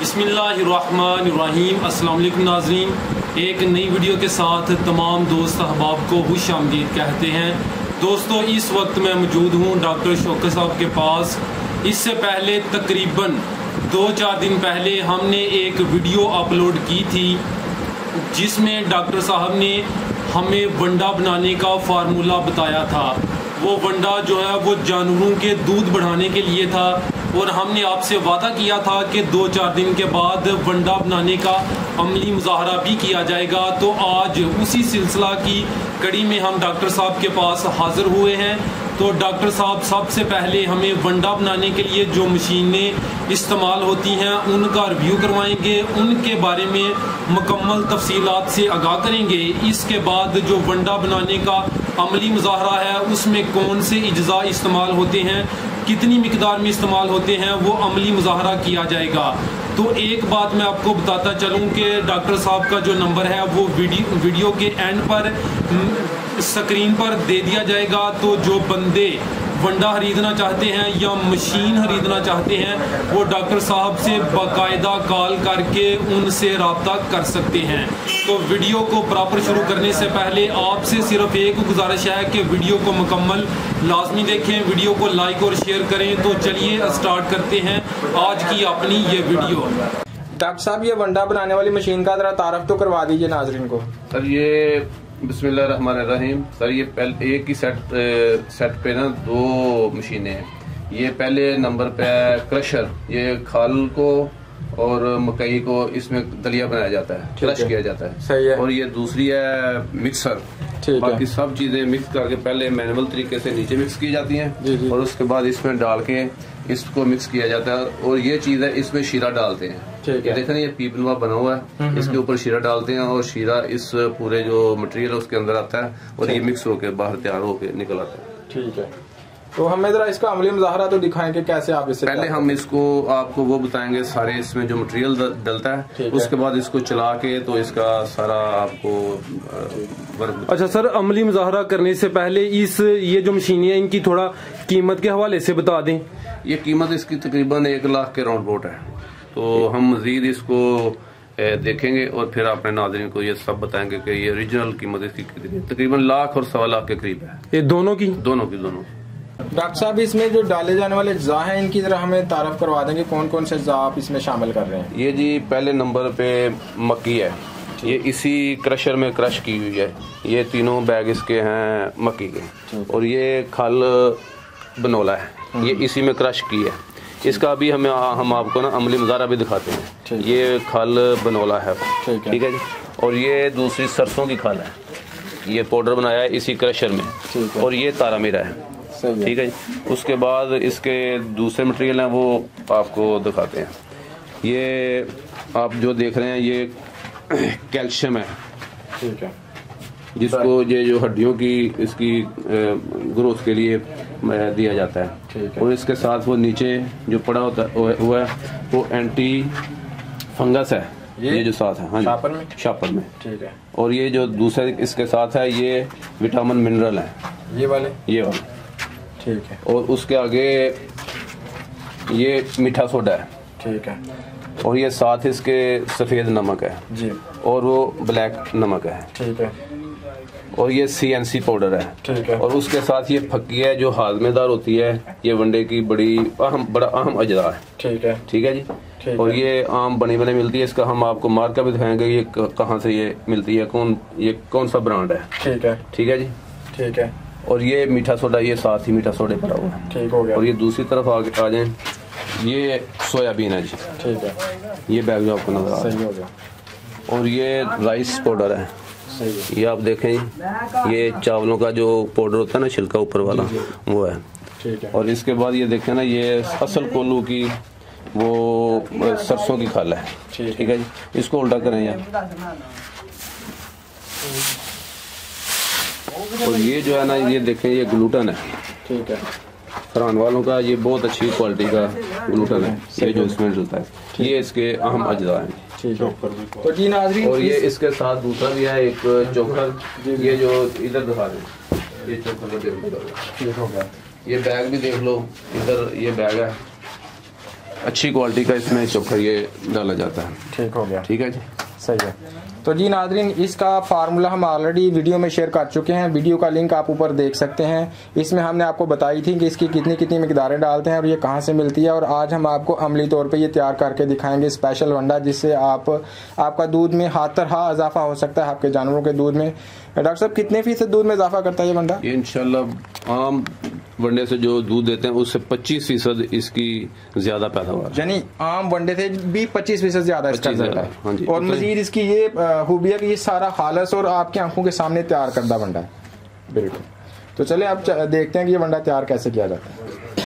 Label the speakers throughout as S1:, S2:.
S1: बसमीम अल्लाम नाजरीन एक नई वीडियो के साथ तमाम दोस्त अहबाब को खुश आमदीद कहते हैं दोस्तों इस वक्त मैं मौजूद हूँ डॉक्टर शौकत साहब के पास इससे पहले तकरीबन दो चार दिन पहले हमने एक वीडियो अपलोड की थी जिसमें डॉक्टर साहब ने हमें वंडा बनाने का फार्मूला बताया था वो वंडा जो है वो जानवरों के दूध बढ़ाने के लिए था और हमने आपसे वादा किया था कि दो चार दिन के बाद वंडा बनाने का अमली मुजाहरा भी किया जाएगा तो आज उसी सिलसिला की कड़ी में हम डॉक्टर साहब के पास हाज़िर हुए हैं तो डॉक्टर साहब सबसे पहले हमें वंडा बनाने के लिए जो मशीनें इस्तेमाल होती हैं उनका रिव्यू करवाएंगे उनके बारे में मुकम्मल तफसीलात से आगाह करेंगे इसके बाद जो वंडा बनाने का अमली मुजाहरा है उसमें कौन से अज्जा इस्तेमाल होते हैं कितनी मकदार में इस्तेमाल होते हैं वो अमली मुजाहरा किया जाएगा तो एक बात मैं आपको बताता चलूँ कि डॉक्टर साहब का जो नंबर है वो वीडियो वीडियो के एंड पर स्क्रीन हम्म, पर दे दिया जाएगा तो जो बंदे वंडा ख़रीदना चाहते हैं या मशीन ख़रीदना चाहते हैं वो डॉक्टर साहब से बाकायदा कॉल करके उनसे रबता कर सकते हैं तो वीडियो को प्रॉपर शुरू करने से पहले आपसे सिर्फ एक गुजारिश है कि वीडियो को मुकम्मल लाजमी देखें वीडियो को लाइक और शेयर करें तो चलिए स्टार्ट करते हैं आज की अपनी ये वीडियो
S2: डॉक्टर साहब ये वंडा बनाने वाली मशीन का ज़रा तारफ़ तो करवा दीजिए नाजरन को सर ये रहीम सर ये पहले एक ही सेट सेट पे ना
S3: दो मशीनें हैं ये पहले नंबर पे है क्रशर ये खाल को और मकई को इसमें दलिया बनाया जाता है क्रश किया जाता है सही है और ये दूसरी है मिक्सर बाकी सब चीजें मिक्स करके पहले मैनुअल तरीके से नीचे मिक्स की जाती हैं और उसके बाद इसमें डाल के इसको मिक्स किया जाता है और ये चीज़ है इसमें शीरा डालते हैं ये देखें ये पीपलवा बना हुआ है हम्म, इसके हम्म, ऊपर हम्म। शीरा डालते हैं और शीरा इस पूरे जो मटेरियल है उसके अंदर आता है और ये मिक्स होकर बाहर तैयार होकर निकल आता है ठीक है
S2: तो हमें जरा इसका अमली मुजाहरा तो दिखाएं कि कैसे आप इसे पहले हम इसको आपको वो बताएंगे सारे
S3: इसमें जो मटेरियल डलता है उसके बाद इसको चला के तो इसका सारा
S1: आपको अच्छा सर अमली मुजाहरा करने से पहले इस ये जो मशीन है इनकी थोड़ा कीमत के हवाले से बता दें ये कीमत इसकी तकरीबन एक लाख के राउंड बोट है
S3: तो हम मजीद इसको देखेंगे और फिर अपने नाजरन को ये सब बताएंगे कि ये ओरिजिनल कीमत इसकी कितनी तकरीबन लाख और सवा लाख के करीब है ये दोनों की दोनों की दोनों
S2: डॉक्टर साहब इसमें जो डाले जाने वाले अज्जा हैं इनकी जरा हमें तारफ करवा देंगे कौन कौन से अज्जा आप इसमें शामिल कर रहे हैं
S3: ये जी पहले नंबर पे मक्की है ये इसी क्रशर में क्रश की हुई है ये तीनों बैग इसके हैं मक्की के और ये खल बनोला है ये हम्म। इसी में क्रश की है इसका अभी हमें हम आपको ना अमली मज़ारा भी दिखाते हैं ये खाल बनोला है ठीक है जी और ये दूसरी सरसों की खाल है ये पाउडर बनाया है इसी क्रशर में और ये तारा मेरा है ठीक है जी उसके बाद इसके दूसरे मटेरियल हैं वो आपको दिखाते हैं ये आप जो देख रहे हैं ये कैल्शियम है ठीक है जिसको ये जो हड्डियों की इसकी ग्रोथ के लिए दिया जाता है और इसके साथ वो नीचे जो पड़ा होता हुआ है वो एंटी फंगस है ये, ये जो साथ है हाँ शापर में शापर में ठीक है और ये जो दूसरे इसके साथ है ये विटामिन मिनरल है ये वाले ये वाले ठीक है और उसके आगे ये मीठा सोडा है ठीक है और ये साथ इसके सफ़ेद नमक है जी और वो ब्लैक नमक है ठीक है और ये सीएनसी पाउडर है ठीक है और उसके साथ ये फक्की है जो हाजमेदार होती है ये वनडे की बड़ी अहम बड़ा अहम अजरा है ठीक है ठीक है जी ठीक और है। ये आम बनी बने मिलती है इसका हम आपको मार्का भी दिखाएंगे ये कहाँ से ये मिलती है कौन ये कौन सा ब्रांड है ठीक है ठीक है जी ठीक है और ये मीठा सोडा ये साथ ही मीठा सोडे पड़ा हुआ है ठीक हो गया और ये दूसरी तरफ आगे आ जाए ये सोयाबीन है जी ठीक है ये बैग जो आपको नजर आ रहा है और ये राइस पाउडर है ये आप देखें ये चावलों का जो पाउडर होता है ना छिलका ऊपर वाला वो है और इसके बाद ये देखें ना ये असल कोल्लू की वो सरसों की खाल है ठीक है जी इसको उल्टा करें यार और ये जो है ना ये देखें ये ग्लूटन है
S2: ठीक है
S3: वालों का ये बहुत अच्छी क्वालिटी का ग्लूटन है ये जो इसमें जुलता है ये इसके अहम अज्जा हैं तो जी नाजरी और ये इसके साथ दूसरा भी है एक हाँ, चोकर ये जो इधर दिखा दे ये चोकर का ये बैग भी देख लो इधर ये बैग है अच्छी क्वालिटी का इसमें चोकर ये डाला जाता है
S2: ठीक हो गया ठीक है जी सही है तो जी नादरीन इसका फार्मूला हम ऑलरेडी वीडियो में शेयर कर चुके हैं वीडियो का लिंक आप ऊपर देख सकते हैं इसमें हमने आपको बताई थी कि इसकी कितनी कितनी मकदारें डालते हैं और ये कहाँ से मिलती है और आज हम आपको अमली तौर पे ये तैयार करके दिखाएंगे स्पेशल वंडा जिससे आप आपका दूध में हाथ तरह इजाफा हो सकता है आपके जानवरों के दूध में डॉक्टर साहब कितने फीसद दूध में इजाफा करता है ये वंडा इन आम वनडे से
S3: जो दूध देते हैं उससे 25 फीसद इसकी ज्यादा पैदावार
S2: यानी आम वनडे से भी 25 फीसद ज्यादा इसका ज्यादा हाँ जी और तो- मजीद इसकी ये खूबिया कि ये सारा खालस और आपकी आंखों के सामने तैयार करदा वंडा है बिल्कुल तो चले आप देखते हैं कि ये वंडा तैयार कैसे किया जाता है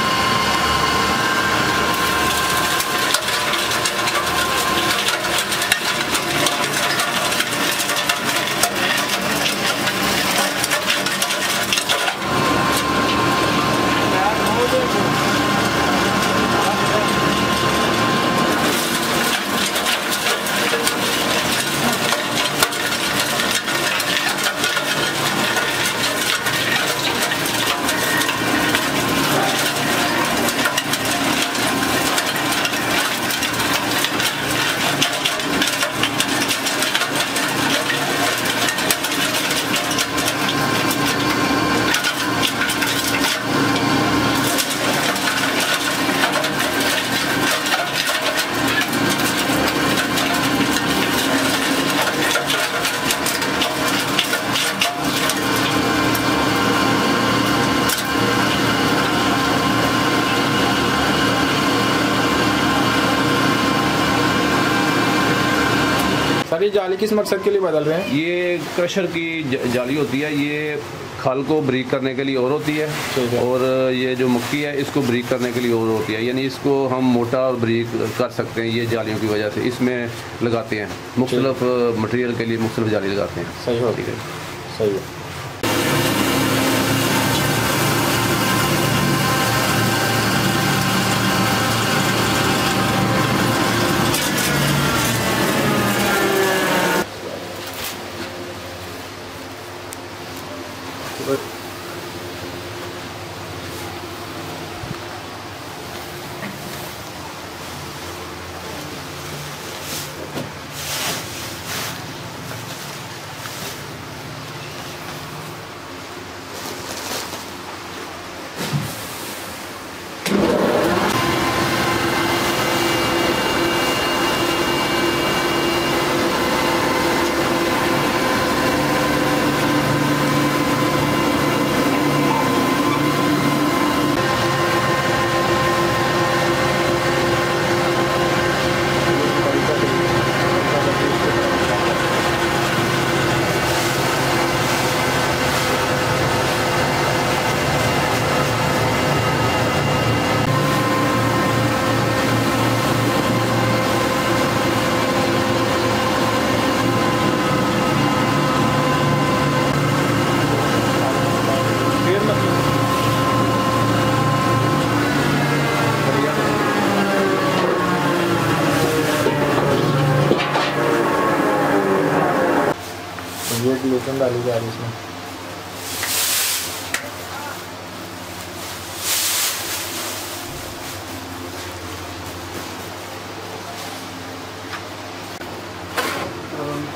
S2: जाली किस मकसद के लिए बदल रहे हैं ये क्रशर
S3: की जाली होती है ये खाल को ब्रीक करने के लिए और होती है और ये जो मक्की है इसको ब्रीक करने के लिए और होती है यानी इसको हम मोटा और ब्रीक कर सकते हैं ये जालियों की वजह से इसमें लगाते हैं मुख्तलफ मटेरियल के लिए मुख्तलिफ जाली लगाते हैं सही हो ठीक है
S1: सही है
S2: But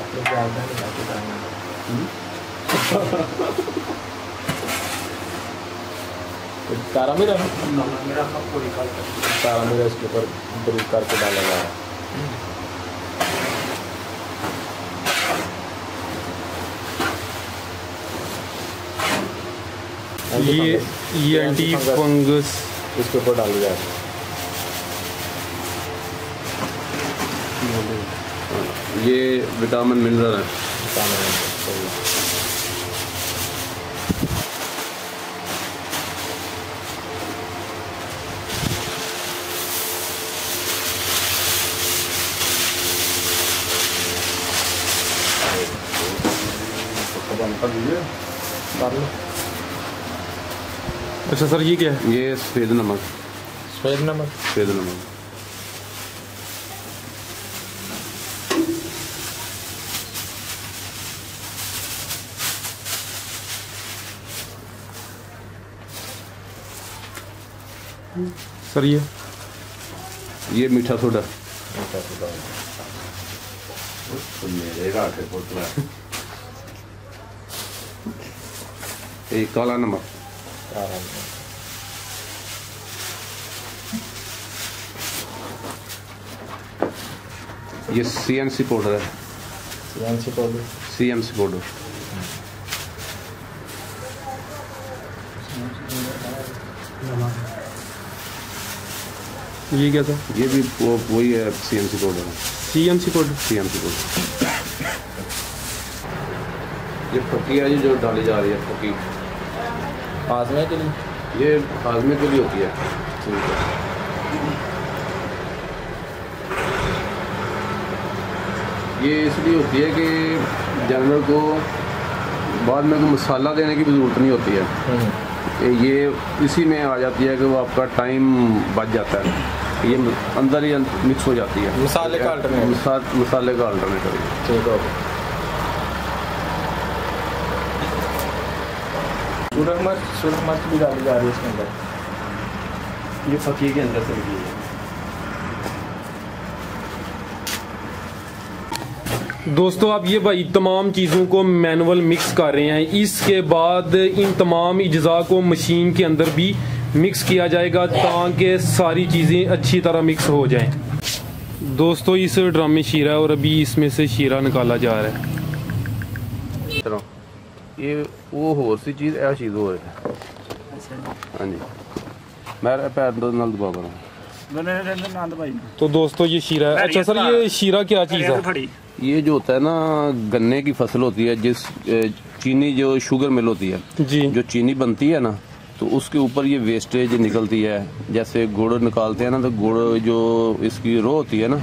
S2: तारा मेरा तारा मेरा इसके ऊपर ब्रिज करके डाला गया है ये ये एंटी फंगस इसके ऊपर डाल दिया
S3: ये विटामिन मिनरल है
S1: अच्छा सर ये क्या है
S3: ये सफ़ेद नमक सफ़ेद नमक सफ़ेद नमक सर ये ये मीठा सोडा मीठा सोडा तो ये काला नमक ये सी एम सी पाउडर है C M C powder C M C powder ये क्या था ये भी वो वही है सी एम सी पाउडर है C M C code C M C code ये पट्टी है जी जो डाली जा रही है पट्टी हाजमे के लिए ये हाजमे के लिए होती है ठीक है ये इसलिए होती है कि जानवर को बाद में कोई तो मसाला देने की भी ज़रूरत नहीं होती है हम्म। ये इसी में आ जाती है कि वो आपका टाइम बच जाता है ये अंदर ही मिक्स हो जाती है मसाले का अल्टरनेट मसाले का अल्टरनेट ठीक है
S2: सूरज मर्च सूरज मर्च भी डाली जा रही है इसके अंदर ये फकीर के अंदर से निकली है
S1: दोस्तों आप ये भाई तमाम चीज़ों को मैनुअल मिक्स कर रहे हैं इसके बाद इन तमाम इज्जा को मशीन के अंदर भी मिक्स किया जाएगा ताकि सारी चीज़ें अच्छी तरह मिक्स हो जाएं दोस्तों इस ड्रम में शीरा है और अभी इसमें से शीरा निकाला जा रहा है
S3: ਇਹ सी चीज़ ऐसी चीज़ हो रही है ਹੈ
S2: अच्छा।
S3: हाँ जी मैं पैर नल ਦਬਾ
S2: ਬਣਾ
S3: तो दोस्तों ये शीरा है अच्छा सर
S2: ये शीरा क्या चीज़ है
S3: ये जो होता है ना गन्ने की फसल होती है जिस चीनी जो शुगर मिल होती है जी जो चीनी बनती है ना तो उसके ऊपर ये वेस्टेज निकलती है जैसे गुड़ निकालते हैं ना तो गुड़ जो इसकी रो होती है ना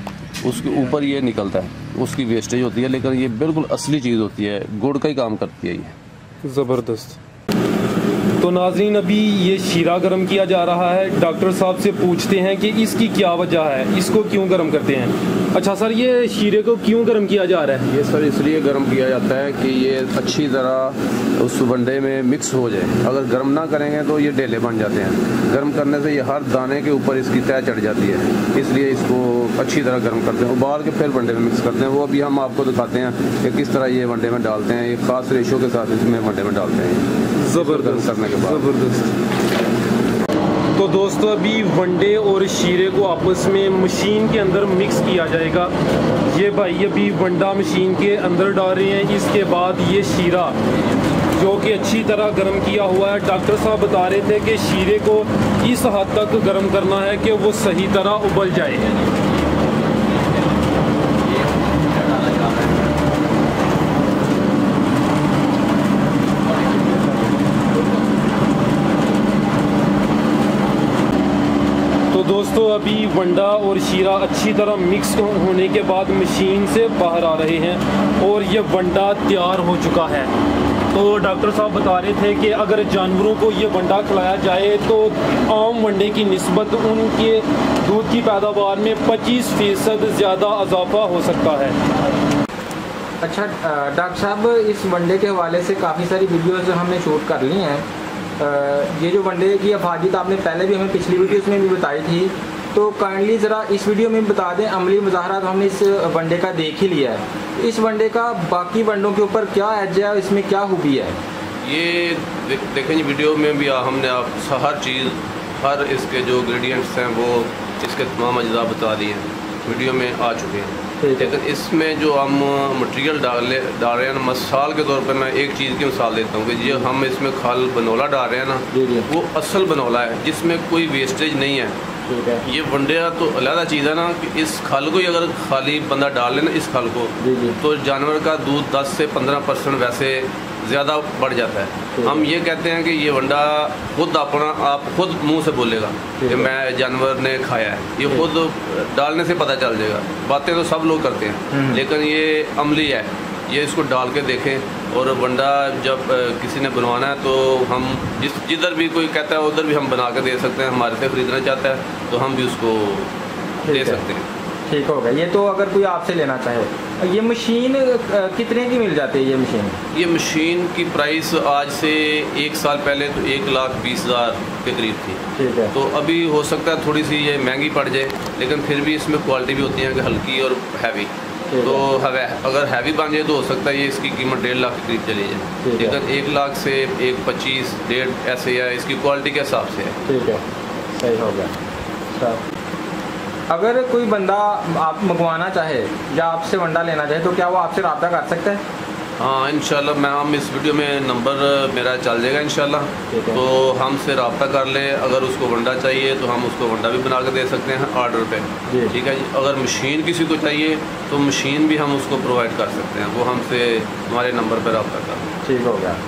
S3: उसके ऊपर ये निकलता है उसकी वेस्टेज होती है लेकिन ये बिल्कुल असली चीज़ होती है गुड़ का ही काम करती
S1: है ये ज़बरदस्त तो नाजरीन अभी ये शीरा गर्म किया जा रहा है डॉक्टर साहब से पूछते हैं कि इसकी क्या वजह है इसको क्यों गर्म करते हैं अच्छा सर ये शीरे को क्यों गर्म किया जा रहा है ये सर इसलिए गर्म किया जाता है कि ये अच्छी
S3: तरह उस वंडे में मिक्स हो जाए अगर गर्म ना करेंगे तो ये डेले बन जाते हैं गर्म करने से ये हर दाने के ऊपर इसकी तय चढ़ जाती है इसलिए इसको अच्छी तरह गर्म करते हैं उबाल के फिर वनडे में मिक्स करते हैं वो अभी हम आपको दिखाते हैं कि किस तरह ये वनडे में डालते हैं एक ख़ास रेशो के साथ इसमें वनडे में डालते हैं ज़बरदस्त करने के बाद ज़बरदस्त
S1: तो दोस्तों अभी वनडे और शीरे को आपस में मशीन के अंदर मिक्स किया जाएगा ये भाई अभी वंडा मशीन के अंदर डाल रहे हैं इसके बाद ये शीरा जो कि अच्छी तरह गर्म किया हुआ है डॉक्टर साहब बता रहे थे कि शीरे को इस हद तक गर्म करना है कि वो सही तरह उबल जाए दोस्तों अभी वंडा और शीरा अच्छी तरह मिक्स होने के बाद मशीन से बाहर आ रहे हैं और ये वंडा तैयार हो चुका है तो डॉक्टर साहब बता रहे थे कि अगर जानवरों को ये वंडा खिलाया जाए तो आम वंडे की नस्बत उनके दूध की पैदावार में 25 फ़ीसद ज़्यादा इजाफा हो सकता है
S2: अच्छा डॉक्टर साहब इस वंडे के हवाले से काफ़ी सारी वीडियोज़ हमने शूट कर ली हैं ये जो वनडे की अफादियत तो आपने पहले भी हमें पिछली वीडियो में भी बताई थी तो काइंडली ज़रा इस वीडियो में बता दें अमली मुजाहरा हमने इस वनडे का देख ही लिया है इस वनडे का बाकी वनडों के ऊपर क्या एज है इसमें क्या खूबी है
S3: ये देखें देखें वीडियो में भी हमने आप हर चीज़ हर इसके जो ग्रेडियंट्स हैं वो इसके तमाम अज्जा बता दिए वीडियो में आ चुके हैं लेकिन तो इसमें जो हम मटेरियल डाल डाल रहे हैं ना मसाल के तौर पर मैं एक चीज़ की मिसाल देता हूँ कि जो हम इसमें खल बनौला डाल रहे हैं ना वो असल बनौला है जिसमें कोई वेस्टेज नहीं है ये वंडिया तो अलहदा चीज़ है ना कि इस खल को ही अगर खाली बंदा डाल लेना इस खल को तो जानवर का दूध 10 से 15 परसेंट वैसे ज़्यादा बढ़ जाता है हम ये कहते हैं कि ये वंडा खुद अपना आप खुद मुंह से बोलेगा कि मैं जानवर ने खाया है ये खुद डालने से पता चल जाएगा बातें तो सब लोग करते हैं हम्म। लेकिन ये अमली है ये इसको डाल के देखें और वंडा जब किसी ने बनवाना है तो हम जिस जिधर भी कोई कहता है उधर भी हम बना के दे सकते हैं हमारे से ख़रीदना चाहता है तो हम भी उसको दे सकते हैं
S2: ठीक होगा ये तो अगर कोई आपसे लेना चाहे ये मशीन कितने की मिल जाती है ये मशीन
S3: ये मशीन की प्राइस आज से एक साल पहले तो एक लाख बीस हज़ार के करीब थी ठीक है तो अभी हो सकता है थोड़ी सी ये महंगी पड़ जाए लेकिन फिर भी इसमें क्वालिटी भी होती है कि हल्की और हैवी तो हवा अगर हैवी बन जाए तो हो सकता है ये इसकी कीमत डेढ़ लाख के करीब चली जाए लेकिन एक लाख से एक पच्चीस डेढ़ ऐसे है इसकी क्वालिटी के हिसाब से है
S2: ठीक है सही हो गया अच्छा। अगर कोई बंदा आप मंगवाना चाहे या आपसे वंडा लेना चाहे तो क्या वो आपसे रब्ता कर सकते हैं
S3: हाँ इन हम इस वीडियो में नंबर मेरा चल जाएगा इन तो हमसे रबता कर लें अगर उसको वंडा चाहिए तो हम उसको वंडा भी बना के दे सकते हैं ऑर्डर पे ठीक है जी अगर मशीन किसी को
S1: चाहिए तो मशीन भी हम उसको प्रोवाइड कर सकते हैं वो हमसे हमारे नंबर पर रबता कर ठीक हो गया